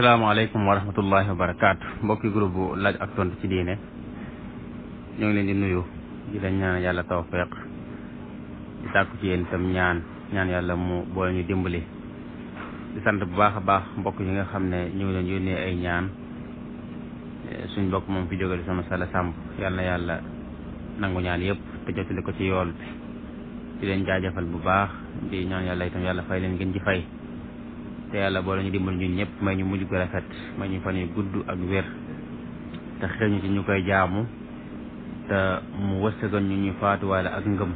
asalaamaaleykum wa rahmatullahi wa barakaatu mbokki groupe laaj ak tontu ci diine ñoo ngi leen di nuyu di leen ñaan yàlla tawfeeq di sàkku ci yéen itam ñaan ñaan yàlla mu boole ñu dimbali di sant bu baax a baax mbokk yi nga xam ne ñu ngi leen yónnee ay ñaan suñ mbokk moom fi jóge di sama sala sàmb yàlla yàlla nangu ñaan yëpp te jotali ko ci yool bi di leen jaajëfal bu baax di ñaan yàlla itam yàlla fay leen ngeen ci fay te yàlla boole ñu dimbal ñu ñëpp may ñu mujj gu rafet may ñu fan yu gudd ak wér te xëy ñu ci ñu koy jaamu te mu wërsëgal ñu ñu faatuwaale ak ngëm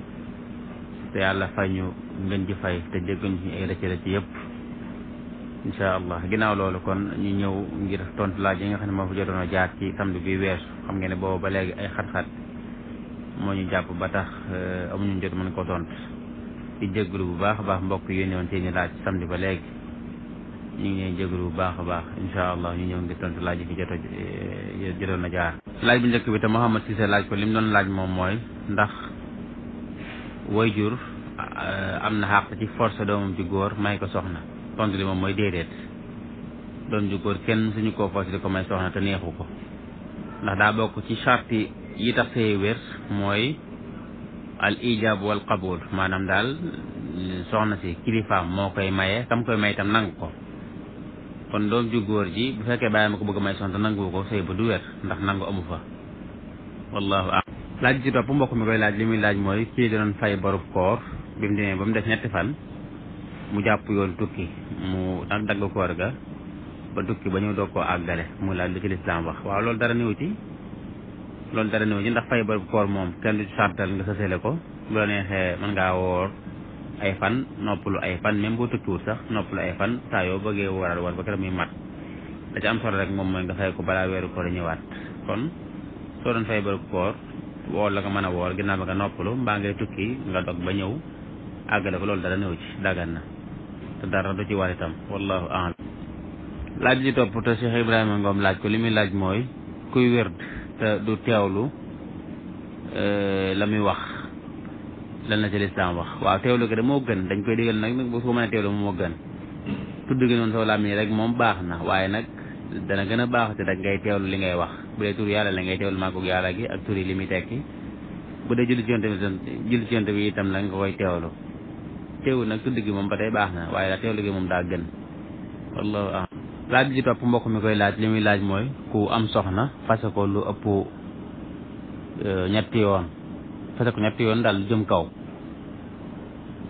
te yàlla fay ñu ngën ji fay te jéggal ñu ay rëcc rëcc yëpp incha allah ginnaaw loolu kon ñu ñëw ngir tontu laaj yi nga xam ne moo fa jotoon a jaar ci samedi bi weesu xam ngeen ne boobu ba léegi ay xat-xat moo ñu jàpp ba tax euh, amuñu jot mën ko tont di jégalu bu baax a baax mbokk yi yónnee woon seeni laaj samedi ba léegi ñu ngi leen bu baax a baax incha allah ñu ñëw ngir tontu laaj yi fi jot a eh, jotoon na jaar. laaj bu njëkk bi te Mouhamed Cissé laaj ko li mu doon laaj moom mooy ndax wayjur eh, am na xàq ci forcer doomam ju góor may ko soxna tontu li moom mooy déedéet doom ju góor kenn suñu ko forcer di ko may soxna te neexu ko ndax daa bokk ci charti yi tax see wér mooy al ijaab wal qabul maanaam daal soxna si kilifaam moo koy maye kam koy may itam nangu ko. kon doom ju góor ji bu fekkee bàyyi ma ko bëgg may soxna nangu ko sëy ba du wér ndax nangu amu fa wallahu am laaj ci topp mbokk mi koy laaj li muy laaj mooy kii da fay barub koor bi mu demee ba mu def mu jàpp yoon tukki mu nag dagg koor ga ba tukki ba ñëw dog koo àggale mu laaj lu ci lislaam wax waaw loolu dara néew ci loolu dara néew ci ndax fay barub koor moom kenn du sartal nga sësale ko bu la neexee mën ngaa woor ay fan noppalu ay fan même boo tëkkiwut sax noppalu ay fan saa yoo bëggee waral war ba a muy mat da ca am solo rek moom mooy nga fay ko balaa weeru koor ñëwaat kon soo doon fay bëri koor woor la nga mën a woor ginnaaw a nga noppalu mbaa ngay tukki nga dog ba ñëw àggale ko loolu dara néew ci daggan na te dara du ci war itam wallahu a'lam laaj li topp te Cheikh Ibrahima Ngom laaj ko li muy laaj mooy kuy wér te du teewlu euh, la muy wax lan la ci lislaam wax waaw teewlu ko de moo gën dañ koy digal nag bu ko mën a teewlu moo gën tudd gi noonu saw làmmiñ rek moom baax na waaye nag dana gën a baax te nag ngay teewlu li ngay wax bu dee tur yàlla la ngay teewlu màggug yàlla gi ak tur li muy tekki bu dee julli ci yonte bi julli ci yonte bi itam la nga koy teewlu nag tudd gi moom ba tey baax na waaye daa teewlu gi moom daa gën wallahu am laaj bi ci topp mbokk mi koy laaj li muy laaj mooy ku am soxna fase ko lu ëpp euh, ñetti yoon fase ko ñetti yoon daal di jëm kaw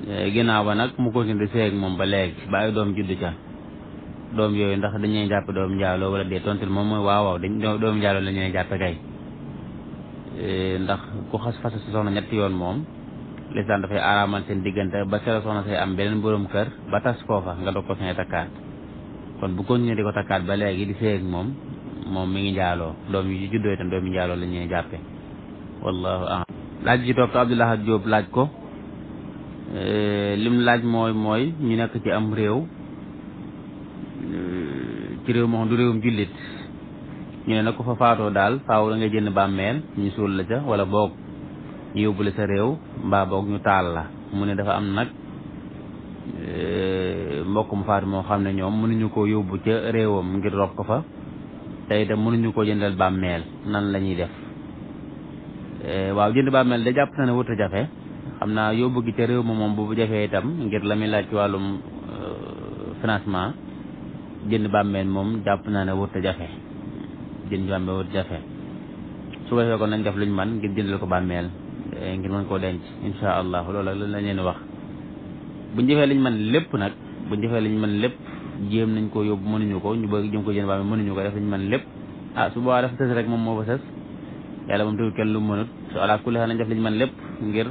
eh, ginnaaw ba nag mu continué di sëy ak moom ba léegi ba doom judd ca doom yooyu ndax dañuy jàpp doom njaaloo wala dee moom mooy waaw waaw doom njaaloo la ñuy jàppe kay eh, ndax ku xas fase si soxna yoon moom lislaam dafay araamal seen diggante ba kero am beneen borom kër ba tas foofa nga doog ko fee takkaat kon bu continué di ko takkaat ba léegi di sëy ak moom moom mi ngi njaaloo doom yi juddoo itam doom yi njaaloo la jàppe wallahu a'lam laaj ji topp Abdoulahat Diop laaj ko eh, lim laaj mooy mooy ñu nekk ci am réew eh, ci réew moo xam du réewum jullit ñu ne nag ko fa faatoo daal faaw da nga jënd bàmmeel ñu suul la ca wala boog ñu yóbbu la sa réew mbaa boog ñu taal la mu ne dafa am nag eh, mbokk mu faatu moo xam ne ñoom mënuñu koo yóbbu ca réewam ngir rob ko fa te itam mënuñu koo jëndal bàmmeel nan lañuy def Eh, waaw jënd bàmmeel da jàpp na ne wut a jafe xam naa yóbbu gi ca réew ma moom bu jafee itam ngir la muy laaj ci wàllum eh, financement jënd bàmmeel moom jàpp naa ne wut a jafe jënd bàmmeel wut jafe su ko defee kon nañ def luñ man ngir jëndal ko bàmmeel eh, ngir mën koo denc insha allah loolu la leen wax bu jafee liñ man lépp nag buñ jafee liñ man lépp jéem nañ ko yóbbu mënuñu ko ñu bëgg jëm ko jënd bàmmeel mënuñu ko def liñ man lépp ah su boobaa dafa sës moom moo fa sës yàlla moom tuur kenn lu mënut su ala kulli nañ def liñ mën lépp ngir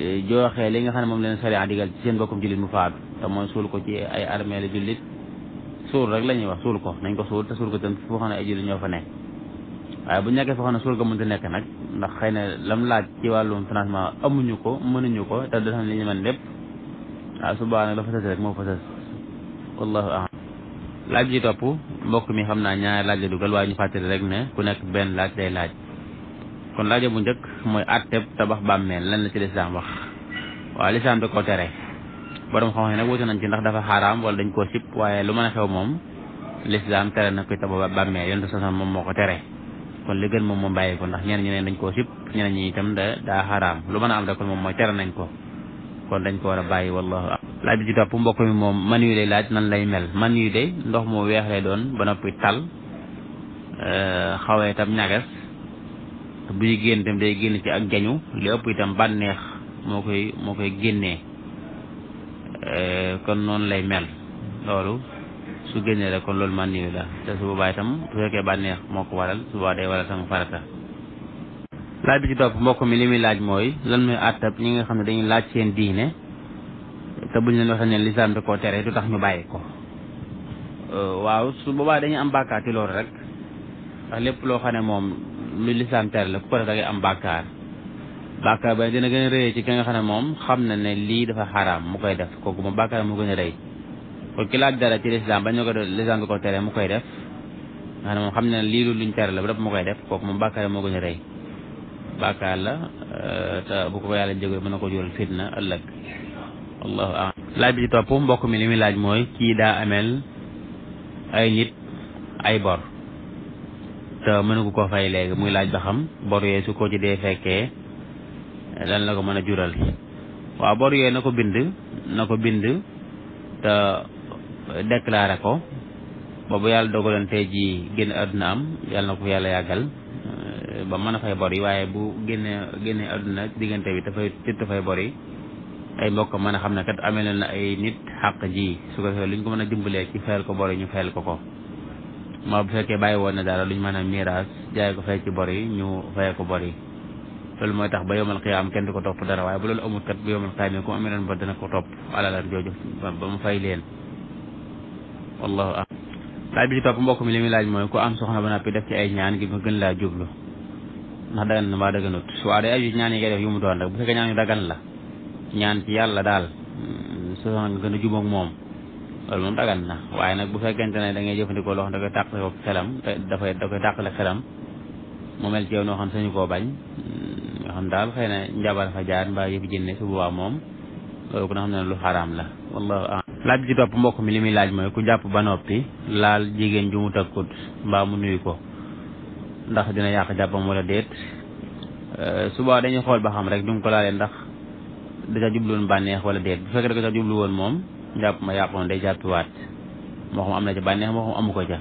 e, jooxee li nga xam ne moom leen sariya digal ci seen bokkum jullit mu faatu te mooy suul ko ci ay armée la jullit la ñuy wax suul ko nañ ko suul te suul ko tam foo xam ne ay ñoo fa nekk waaye bu nekkee foo xam ne suul ko mënta nekk nag ndax xëy na lam laaj ci wàllum financement amuñu ko mënuñu ko te dafa li ñu mën lépp waaw subaa nag la fa sës rek moo fa sës wallahu laaj ji topp mbokk mi xam naa ñaari laaj la dugal waaye ñu fàttali rek ne ku nekk benn laaj day laaj kon laajo bu njëkk mooy àtteb tabax bàmmeel lan la ci lislaam wax waaw lislaam da ko tere borom xam-xam yi nañ ci ndax dafa xaaraam wala dañ koo sib waaye lu mën a xew moom lislaam tere na koy tabax bàmmeel yonte sa moom moo ko tere kon li gën moom moom bàyyi ko ndax ñeneen ñi ne dañ koo sib ñeneen ñi itam da daa xaaraam lu mën a am rek kon moom mooy tere nañ ko kon dañ ko war a bàyyi wallahu a laaj bi ci topp mbokk mi moom man yu lay laaj nan lay mel man yu de ndox mu weex lay doon ba noppi tal euh, xawee tam ñagas bu buy génn itam day génn ci ak jañu li ëpp itam bànneex moo koy moo koy génnee eh, kon noonu lay mel loolu su génnee rek kon loolu man niwi la te su boobaa itam su fekkee bànneex moo ko waral su boobaa day waral sama farata laaj bi ci topp mbokk mi li muy laaj mooy lan mooy àttab ñi nga xam ne dañuy laaj seen diine te buñ leen waxee ne lislaam da koo tere du tax ñu bàyyi ko eh, waaw su boobaa dañuy am bàkkaati loolu rek ndax lépp loo xam ne moom lu lislaam tere la ku ko def da am bàkkaar bàkkaar ba dina gën a rëy ci ki nga xam ne moom xam na ne lii dafa xaraam mu koy def kooku moom bàkkaar mu gën a rëy kon ki laaj dara ci lislaam ba ñu ko lislaam nga ko tere mu koy def nga xam ne na ne lii lu luñ la ba mu koy def kooku moom bàkkaar moo gën a rëy bàkkaar la euh, te ko yàlla jégal mën na ko jural fitna ëllëg allahu a'lam laaj bi ci topp mbokk mi li muy laaj mooy kii daa amel ay nit ay bor te mënu koo fay léegi muy laaj ba xam bor yooyu su ko ci dee fekkee lan la ko mën a jural waaw bor yooyu na ko bind na ko bind te déclaré ko ba bu yàlla dogaloon ji jii génn àdduna am yàlla na ko yàlla yàggal eh, ba mën a fay bor yi waaye bu génnee génnee àdduna diggante bi dafay dafay bor yi ay mbokk mën a xam ne kat amee na ay nit xàq ji su ko defee lu ñu ko mën a dimbalee ci fayal ko bor ñu fayal ko ko. ma bu fekkee bàyyi woon na dara lu ñu mën a miraas jaay ko fay ci bor yi ñu fayee ko bor loolu mooy tax ba yowmal xiyaam kenn di ko topp dara waaye ba loolu amul kat bu yowmal xiyaam ku amee leen bor dana ko topp alalam ba mu fay leen bi ci topp mbokk mi li laaj mooy ku am soxna ba noppi def ci ay ñaan gi ma gën laa jublu ndax dagan na mbaa daganut waaw yi aju ñaan yi ngay def yu mu doon rek bu fekkee ñaan yu dagan la ñaan ci yàlla daal mm, soxna nga gën a jubóog moom loolu na waaye nag bu fekkente ne da ngay jëfandikoo loo xam da koy tàqale ko xelam dafay da koy tàqale xelam mu mel ci yow noo xam sañu koo bañ mm, nga xam daal xëy na njabar fa jaar moom loolu ko xam ne lu xaraam la wallahu laaj bi topp mbokk mi li muy laaj mooy ku jàpp ba noppi laal jigéen ju mu takkut mbaa mu nuyu ko ndax dina yàq jàppam wala déet euh, suba dañuy xool ba xam rek du ko laalee ndax da ca jubluwoon bànneex wala déet bu fekkee da ko ca jublu woon moom njàpp ma yàqoon day jàppiwaat moo xam am na ci bànneex moo xam amu ko ca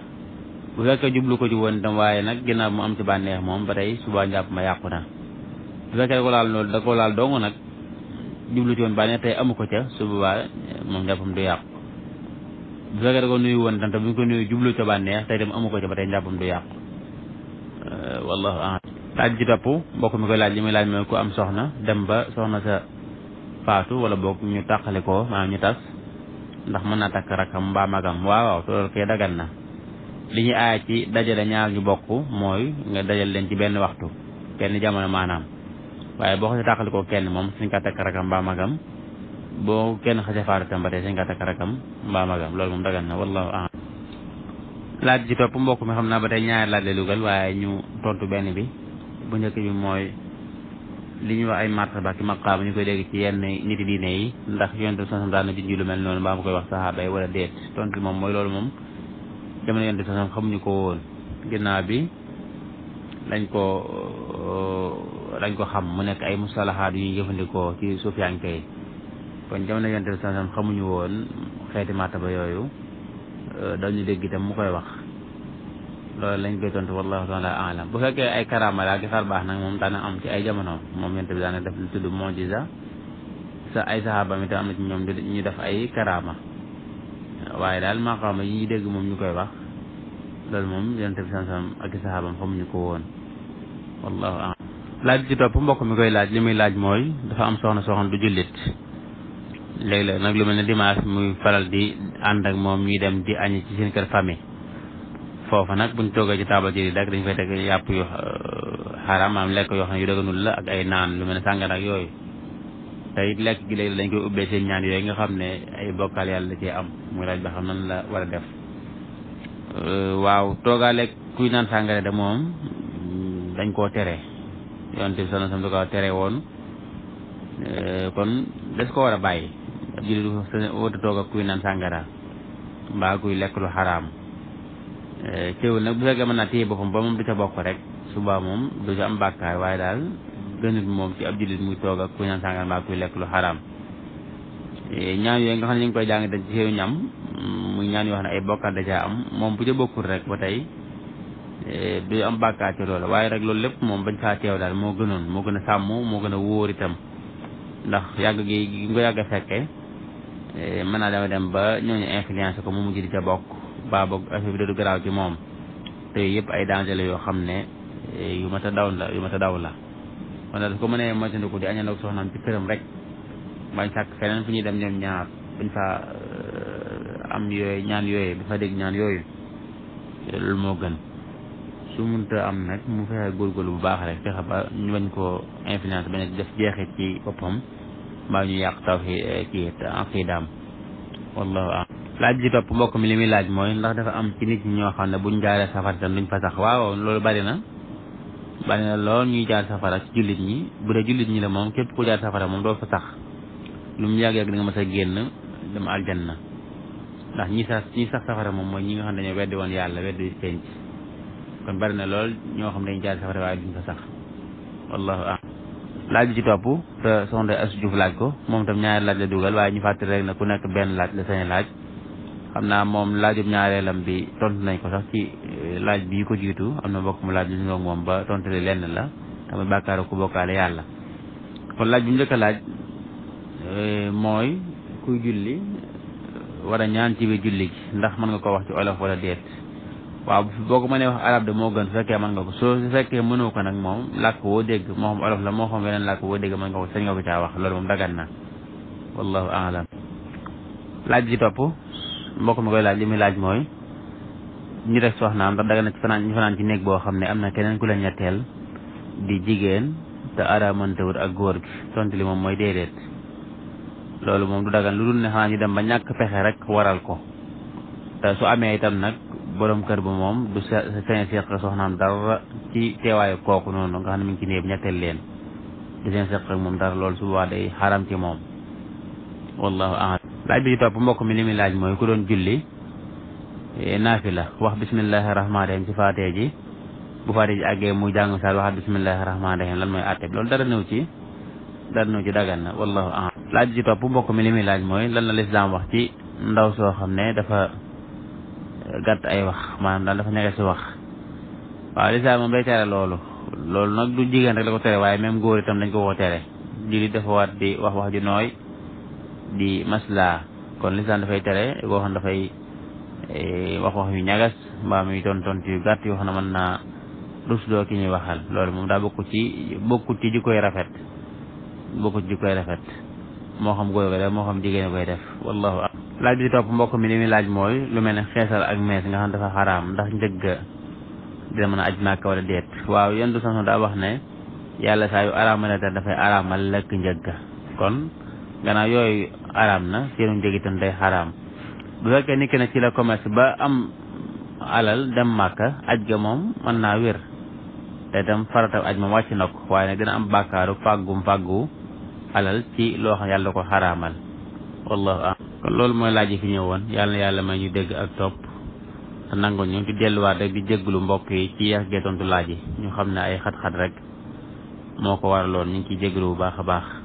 bu fekkee jublu ko ci woon itam waaye nag ginnaaw mu am ci bànneex moom ba tey suba njàpp ma yàqu na bu fekkee da ko da ko laal dong nag jublu ci woon bànneex tey ko ca su boobaa da ko nuyu woon itam te bu ñu ko nuyu jublu ca bànneex tey dem amu ko ca ba tey njàppam du yàqu euh, wallahu a'lam laaj ji topp mbokk mi koy laaj li laaj mooy ku am soxna dem ba soxna sa faatu wala boog ñu tàqale ko maanaam ñu tas ndax mën naa takk rakkam mbaa magam waaw waaw loolu kay dagan na li ñu aaya ci dajale ñaar ñu bokk mooy nga dajal leen ci benn waxtu kenn jamono maanaam waaye boo xasee tàqali ko kenn moom suñ ko takk rakkam mbaa magam boo kenn xasee faatu tam ba tey suñ ko takk rakkam mbaa magam loolu moom dagan na wallahu a'lam laaj ci topp mbokk mi xam naa ba tey ñaar laaj la dugal waaye ñu tontu benn bi bu njëkk bi mooy li ñuy wax ay martaba ki maqaam ñu koy dégg ci yenn nit diine yi ndax yonent bi sasam daan na junj lu mel noonu mbaa mu koy wax saxaaba a wala déet tontu moom mooy loolu moom jamono yonent bi sasam xamuñu ko woon ginnaaw bi lañ ko euh, lañ ko xam mu nekk ay mustalahaat yu ñuy jëfandikoo ci suufiyanke yi kon jamono yonent bi sasam xamuñu woon xeeti ba yooyu euh, dañu dégg itam mu koy wax loolu lañ koy tontu wallahu taala alam bu fekkee ay karaama laa ki baax nag moom daana am ci ay jamonoom moom yonent bi daana def lu tudd sa ay saxaaba mi tam am na ci ñoom ñu def ay karaama waaye daal maqaama yi dégg moom ñu koy wax loolu moom yonent bi san sam ak i saxaabam xamuñu ko woon wallahu alam laaj bi ci topp mbokk mi koy laaj li muy laaj mooy dafa am soxna soxna du jullit léegi la nag lu mel ne dimanche muy faral di ànd ak moom ñuy dem di añi ci seen kër famille foofa nag buñ toogee ci taabal ji rek dañ fay teg yàpp yu euh, xaram maanaam lekk yoo xam ne yu dëgganul la ak ay naan lu mel ne sàngara ak yooyu te lekk gi léegi dañ koy ubbee seen ñaan yooyu nga xam ne ay bokkal yàlla da cee am muy laaj ba xam nan la war a def euh, waaw toogaale kuy naan sàngara de dañ koo tere yoon bi sallallahu alayhi wasallam tere woon euh, kon des ko war a bàyyi ab toog ak kuy naan sàngara mbaa kuy lekk lu xaraam teewul nag bu fekkee mën naa téye boppam ba moom du ca bokk rek suba moom du ca am bàkkaar waaye daal gënul moom ci ab jullit muy toog ak kuy naan sàngal mbaa kuy lekk lu xaraam ñaan yooyu nga xam ne ñu ngi koy jàng ci seenu ñam muy ñaan yoo xam ne ay bokkaat da caa am moom bu ca bokkul rek ba tey du am bàkkaar ci loolu waaye rek loolu lépp moom bañ faa teew daal moo gënoon moo gën a sàmm moo gën a wóor itam ndax yàgg gi nga ko yàgg a fekke mën naa dama dem ba ñooñu influence ko mu mujj di ca bokk baa boog affaire bi du garaaw ci moom te yëpp ay danger yoo xam ne eh, yu mat a daw la yu mat a daw la kon daal su ko mënee moytandiku di añandoog soxnaam ci këram rek bañ sàkk feneen fu ñuy dem ñoom ñaar buñ fa eh, am yooyu ñaan yooyu dafa dégg ñaan yooyu loolu moo gën su munta am nag mu fexe góorgóorlu bu baax rek fexe ba ñu bañ koo influence bañ def jeexit ci boppam mbaa ñu yàq taw fi eh, kii aqidaam wallahu laaj ji topp mbokk mi li muy laaj mooy ndax dafa am ci nit ñi ñoo xam ne buñ jaaree safara tam duñ fa sax waaw loolu bari na bari na lool ñuy jaar safara ci jullit ñi bu dee jullit ñi la moom képp ku jaar safara moom doo fa sax lu mu yàgg yàgg da nga mës a génn aljanna ndax ñi sax ñi sax safara moom mooy ñi nga xam dañoo weddi woon yàlla weddi penc kon bari na lool ñoo xam dañu jaar safara waaye duñ fa sax wallahu a laaj bi ci topp te sonde Asu Juuf laaj ko moom tam ñaari laaj la dugal waaye ñu fàttali rek na ku nekk benn laaj la sañ laaj xam naa moom laajub ñaareelam bi tontu nañ ko sax ci euh, laaj bi ko jiitu am na mbokk mu laaj lu ñu moom ba tontu li lenn la tamit bàkkaaru ku bokkaale yàlla kon laaj bu njëkk a laaj euh, mooy kuy julli euh, war julli ndax mën nga ko wax ci olof wala déet waaw boo ko mënee wax arab de moo gën su fekkee mën nga ko soo su fekkee mënoo ko nag moom làkk woo dégg moo xam olof la moo xam weneen làkk woo dégg mën nga ko sañ nga ko caa wax loolu moom dagan na wallahu alam laaj bi topp mbokk ma koy laaj limi laaj mooy ñu rek soxnaam ndax daga na ci fanaan ñu fanaan ci néeg boo xam ne am na keneen ku la ñetteel di jigéen te aramantewut ak góor gi tontu li moom mooy déedéet loolu moom du dagan lu dul ne xanaa ñu dem ba ñàkk pexe rek waral ko te su amee itam nag borom kër ba moom du sañ seq soxnaam dara ci teewaayu kooku noonu nga xam ne mi ngi ci néeg ñetteel leen di sañ seq moom dara loolu su boobaa day xaram ci moom wallahu a'lam laaj bi ci topp mbokk mi li mooy ku doon julli eh, la wax bismillahi rahmaani rahim ci faatee ji bu faatee ji àggee muy jàng saar waxaat bismillahi rahmaani rahim lan mooy àtte loolu dara néew ci dara néew ci dagan na wallahu a'lam laaj bi ci topp mbokk mi li laaj mooy lan la lislaam wax ci ndaw soo xam ne dafa eh, gàtt ay wax maanaam daal dafa nekk si wax waaw lislaam moom day tere loolu loolu nag du jigéen rek la ko tere waaye même góor itam dañ ko koo wax wax ju di masla kon lisaan dafay tere boo xam dafay e, wax wax yu ñagas mbaa muy tontontu yu gàtt yoo xam ne mën naa rusloo ki ñuy waxal loolu moom daa bokku ci bokku ci ji koy rafet bokku ci ji koy rafet moo xam góor koy def moo xam jigéen koy def wallahu a laaj bi topp mbokk mi li laaj mooy lu mel ne xeesal ak mees nga xam dafa xaraam ndax njëgg dina mën a aj màkk wala déet waaw yenn du sanson daa wax ne yàlla saa yu araamal dafay araamal lekk njëgg gannaaw yooyu araam na seenu njëg itam day xaraam bu fekkee nit ki ci la commerce ba am alal dem màkka aj ga moom mën naa wér te itam farata aj moom wàcc na ko waaye nag dina am bàkkaaru fàggum fàggu alal ci loo xam yàlla ko xaraamal wallahu am kon loolu mooy laaj yi fi ñëwoon yàlla yàlla may ñu dégg ak topp te nangu ñu di delluwaat rek di jégglu mbokk yi ci yeex gee tontu laaj yi ñu xam ne ay xat-xat rek moo ko waraloon ñu ngi ciy jégglu bu baax a baax